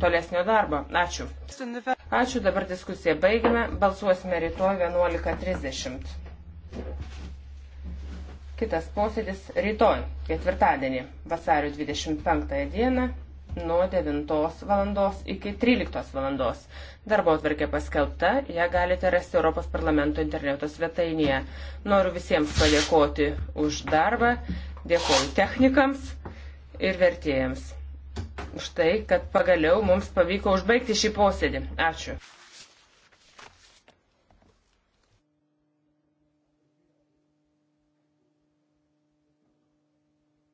tolesnio darbo. Ačiū. Ačiū, dabar diskusiją baigiame. Balsuosime rytoj 11.30. Kitas posėdis rytoj, ketvirtadienį, vasario 25 dieną, nuo 9 val. iki 13 val. Darbo atvarkė paskelbta, ją galite rasti Europos parlamento interneto svetainėje. Noriu visiems padėkoti už darbą, dėkoju technikams ir vertėjams už tai, kad pagaliau mums pavyko užbaigti šį posėdį. Ačiū.